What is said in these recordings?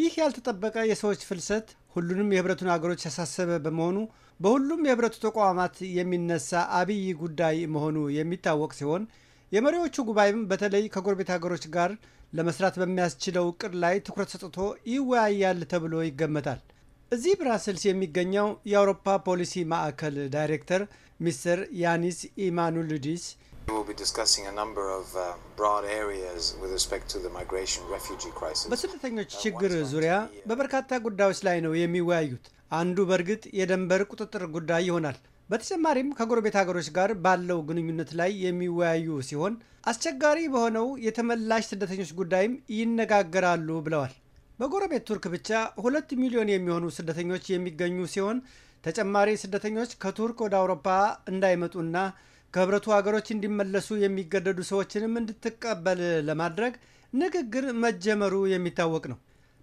ይህ ያልተጠበቀ የሰዎች ፍልሰት ሁሉንም የህብረቱን አገሮች ያሳሰበ በመሆኑ በሁሉም የህብረቱ ተቋማት የሚነሳ አብይ ጉዳይ መሆኑ የሚታወቅ ሲሆን የመሪዎቹ ጉባኤም በተለይ ከጎረቤት ሀገሮች ጋር ለመስራት በሚያስችለው እቅድ ላይ ትኩረት ሰጥቶ ይወያያል ተብሎ ይገመታል። እዚህ ብራስልስ የሚገኘው የአውሮፓ ፖሊሲ ማዕከል ዳይሬክተር ሚስተር ያኒስ ኢማኑልዲስ በስደተኞች ችግር ዙሪያ uh, በበርካታ ጉዳዮች ላይ ነው የሚወያዩት። አንዱ በእርግጥ የደንበር ቁጥጥር ጉዳይ ይሆናል። በተጨማሪም ከጎረቤት ሀገሮች ጋር ባለው ግንኙነት ላይ የሚወያዩ ሲሆን አስቸጋሪ በሆነው የተመላሽ ስደተኞች ጉዳይም ይነጋገራሉ ብለዋል። በጎረቤት ቱርክ ብቻ ሁለት ሚሊዮን የሚሆኑ ስደተኞች የሚገኙ ሲሆን ተጨማሪ ስደተኞች ከቱርክ ወደ አውሮፓ እንዳይመጡና ከህብረቱ ሀገሮች እንዲመለሱ የሚገደዱ ሰዎችንም እንድትቀበል ለማድረግ ንግግር መጀመሩ የሚታወቅ ነው።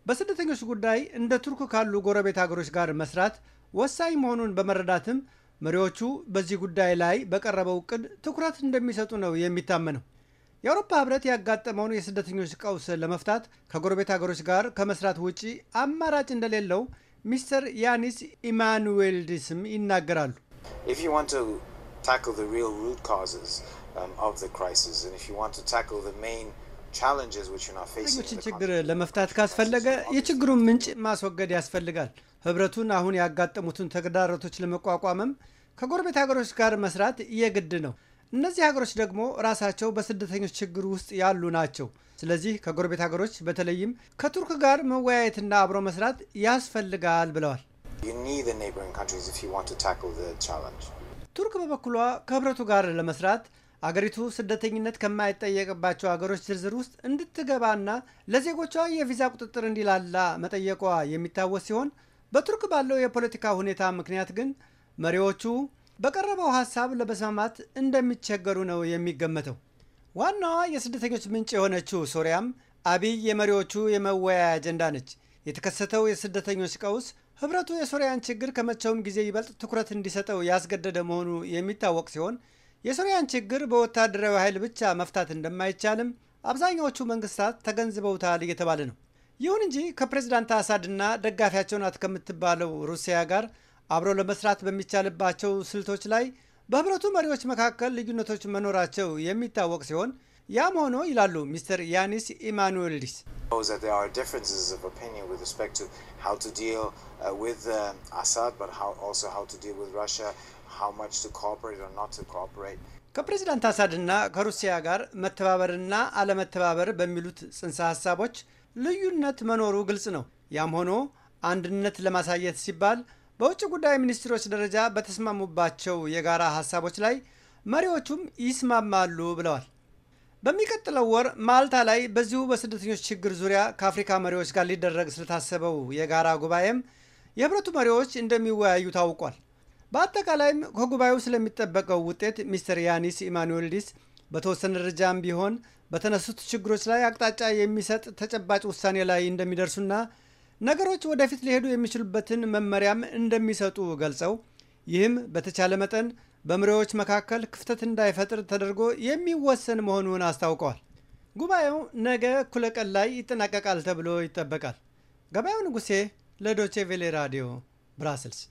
በስደተኞች ጉዳይ እንደ ቱርክ ካሉ ጎረቤት ሀገሮች ጋር መስራት ወሳኝ መሆኑን በመረዳትም መሪዎቹ በዚህ ጉዳይ ላይ በቀረበው እቅድ ትኩረት እንደሚሰጡ ነው የሚታመነው። የአውሮፓ ህብረት ያጋጠመውን የስደተኞች ቀውስ ለመፍታት ከጎረቤት ሀገሮች ጋር ከመስራት ውጪ አማራጭ እንደሌለው ሚስተር ያኒስ ኢማኑዌልዲስም ይናገራሉ። tackle the real root causes um, of the crisis. And if you want to tackle the main ችግሮችን ችግር ለመፍታት ካስፈለገ የችግሩን ምንጭ ማስወገድ ያስፈልጋል። ህብረቱን አሁን ያጋጠሙትን ተግዳሮቶች ለመቋቋምም ከጎረቤት ሀገሮች ጋር መስራት የግድ ነው። እነዚህ ሀገሮች ደግሞ ራሳቸው በስደተኞች ችግር ውስጥ ያሉ ናቸው። ስለዚህ ከጎረቤት ሀገሮች በተለይም ከቱርክ ጋር መወያየትና አብሮ መስራት ያስፈልጋል ብለዋል። ቱርክ በበኩሏ ከህብረቱ ጋር ለመስራት አገሪቱ ስደተኝነት ከማይጠየቅባቸው አገሮች ዝርዝር ውስጥ እንድትገባና ለዜጎቿ የቪዛ ቁጥጥር እንዲላላ መጠየቋ የሚታወስ ሲሆን በቱርክ ባለው የፖለቲካ ሁኔታ ምክንያት ግን መሪዎቹ በቀረበው ሀሳብ ለመስማማት እንደሚቸገሩ ነው የሚገመተው። ዋናዋ የስደተኞች ምንጭ የሆነችው ሶሪያም አብይ የመሪዎቹ የመወያያ አጀንዳ ነች። የተከሰተው የስደተኞች ቀውስ ህብረቱ የሶሪያን ችግር ከመቼውም ጊዜ ይበልጥ ትኩረት እንዲሰጠው ያስገደደ መሆኑ የሚታወቅ ሲሆን የሶሪያን ችግር በወታደራዊ ኃይል ብቻ መፍታት እንደማይቻልም አብዛኛዎቹ መንግስታት ተገንዝበውታል እየተባለ ነው። ይሁን እንጂ ከፕሬዚዳንት አሳድና ደጋፊያቸው ናት ከምትባለው ሩሲያ ጋር አብሮ ለመስራት በሚቻልባቸው ስልቶች ላይ በህብረቱ መሪዎች መካከል ልዩነቶች መኖራቸው የሚታወቅ ሲሆን ያም ሆኖ ይላሉ ሚስተር ያኒስ ኢማኑዌልዲስ oh, uh, uh, ከፕሬዚዳንት አሳድና ከሩሲያ ጋር መተባበርና አለመተባበር በሚሉት ጽንሰ ሀሳቦች ልዩነት መኖሩ ግልጽ ነው። ያም ሆኖ አንድነት ለማሳየት ሲባል በውጭ ጉዳይ ሚኒስትሮች ደረጃ በተስማሙባቸው የጋራ ሀሳቦች ላይ መሪዎቹም ይስማማሉ ብለዋል። በሚቀጥለው ወር ማልታ ላይ በዚሁ በስደተኞች ችግር ዙሪያ ከአፍሪካ መሪዎች ጋር ሊደረግ ስለታሰበው የጋራ ጉባኤም የህብረቱ መሪዎች እንደሚወያዩ ታውቋል። በአጠቃላይም ከጉባኤው ስለሚጠበቀው ውጤት ሚስተር ያኒስ ኢማኑዌልዲስ በተወሰነ ደረጃም ቢሆን በተነሱት ችግሮች ላይ አቅጣጫ የሚሰጥ ተጨባጭ ውሳኔ ላይ እንደሚደርሱና ነገሮች ወደፊት ሊሄዱ የሚችሉበትን መመሪያም እንደሚሰጡ ገልጸው ይህም በተቻለ መጠን በመሪዎች መካከል ክፍተት እንዳይፈጥር ተደርጎ የሚወሰን መሆኑን አስታውቀዋል። ጉባኤው ነገ እኩለ ቀን ላይ ይጠናቀቃል ተብሎ ይጠበቃል። ገበያው ንጉሴ ለዶቼ ቬሌ ራዲዮ ብራስልስ